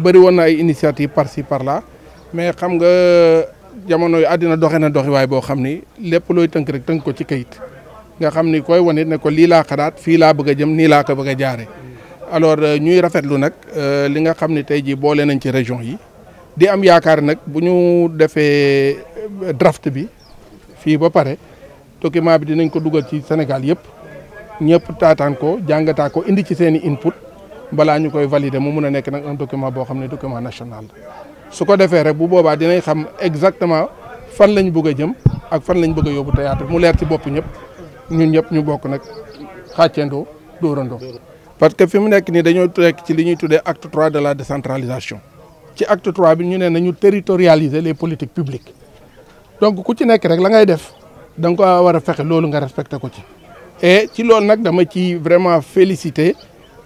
bëri woon na ay initiative par ci par la mais xam nga jamono yi àddina doxe na doxiwaay boo xam ni lépp looy tënk rek tënk ko ci kayit nga xam ni koy wane ne ko lii laa xalaat fii laa bëgg a jëm nii laa ko bëgg a jaare alors euh, ñuy rafetlu nag euh, li nga xam ni tey jii boole nañ ci région yi di am yaakaar nag bu ñu defee euh, draft bi fii ba pare document bi dinañ ko dugal ci Sénégal yëpp ñëpp taataan ko jàngataa ko indi ci seeni i input balaa ñu koy valider mu mun a nekk nag un document boo xam ne document national la su ko defee rek bu boobaa dinañ xam exactement fan lañ bëgg a jëm ak fan lañ bëgg a yóbbu théâtre mu leer ci bopp ñëpp ñun ñëpp ñu bokk nag xàccendoo dóorandoo parce que fi mu nekk nii dañoo nekk ci li ñuy tuddee acte 3 de la décentralisation ci acte 3 bi ñu ne nañu territorialiser les politiques publiques donc ku ci nekk rek la ngay def da nga ko war a fexe loolu nga respecté ko ci et ci loolu nag dama ci vraiment féliciter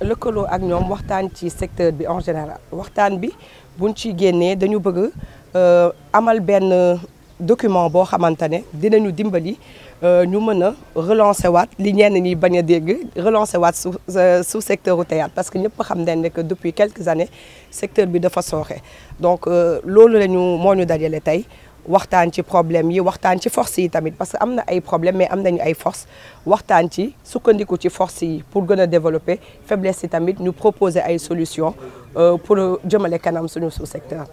lëkkaloo ak ñom waxtaan ci secteur bi en général waxtaan bi buñ ci génné dañu bëgg euh, amal benn document bo xamantane dinañu dimbali euh, ñu mëna relancer waat li ñenn ñi bañ dégg relancer waat sous euh, sous secteur théâtre parce que ñëpp xam nañ que depuis quelques années secteur bi dafa soxé donc loolu la ñu moo ñu tay waxtaan ci problème yi waxtaan ci force yi tamit parce que amna ay problème mais am nañu ay force waxtaan ci sukkandiku ci force yi pour gën a développer faiblesse yi tamit ñu proposer ay solution euh, pour jëmale kanam suñu sous-secteur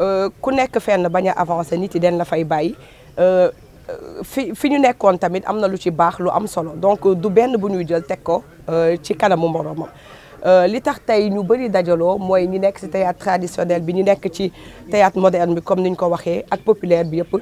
euh, ku nekk fenn bañ a avancer nit yi den la fay bàyyi euh, fi fi ñu nekkoon tamit am na lu ci baax lu am solo donc du benn bu ñuy jël teg ko ci kanamu moroomam euh, L'état tax tey ñu bëri dajaloo mooy ñu nekk ci théâtre traditionnel bi ñu nekk ci théâtre moderne bi comme ni ñu ko waxee ak populaire bi yëpp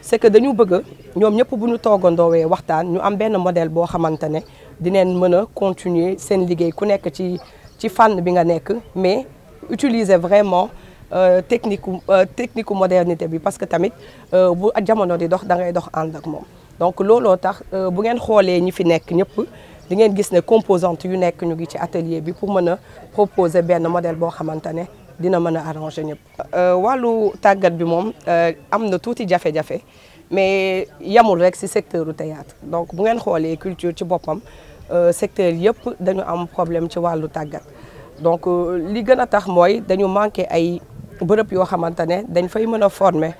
c'est que dañu bëgg ñoom ñëpp bu ñu toogandoowee waxtaan ñu am benn modèle boo xamante ne dineen mën a continuer seen liggéey ku nekk ci ci fànn bi nga nekk mais utiliser vraiment euh, technique euh, technique modernité bi parce que tamit euh, bu jamono di dox da ngay dox ànd ak moom donc looloo tax euh, bu ngeen xoolee ñi fi nekk ñëpp li ngeen gis ne composante yu nekk ñu ngi ci atelier bi pour mën a proposer benn modèle boo xamantane dina mën a arranger ñëpp. Euh, wàllu tàggat bi moom euh, am na tuuti jafe-jafe mais yamul rek ci secteur du théâtre donc bu ngeen xoolee culture ci boppam euh, secteur yëpp dañu am problème ci wàllu tàggat donc li gën a tax mooy dañu manqué ay bërëb yoo xamante ne dañ fay mën a former.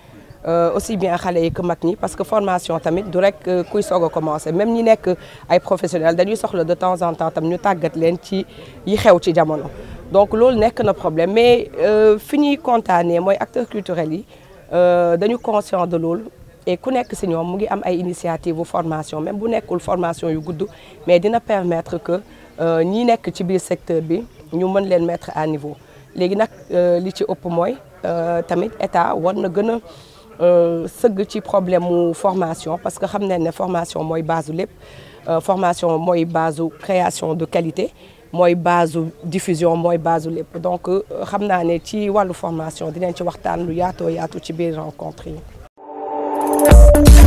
Euh, aussi bien xale yi que Matni parce que formation tamit du rek euh, kuy soog commencer même ñi nek ay professionnels dañuy soxla de temps en temps tam ñu tagat len ci yi xew ci jamono. donc lool nek na problème mais euh, ñuy contané moy acteurs culturels yi euh, dañu conscient de lool et ku nek ci ñom mu ngi am ay initiative bu formation même bu nekul formation yu gudd mais dina permettre que ñi nek ci biir secteur bi ñu mën len mettre à niveau léegi nag li ci moy euh, tamit état war na gën seug ci problème formation parce que xamné né formation moy base formations euh, formation moy base création de qualité moy base diffusion moy base lépp donc euh, xamna né ci walu formation dinañ ci waxtan lu yaatoo yaatu ci tu rencontre rencontrer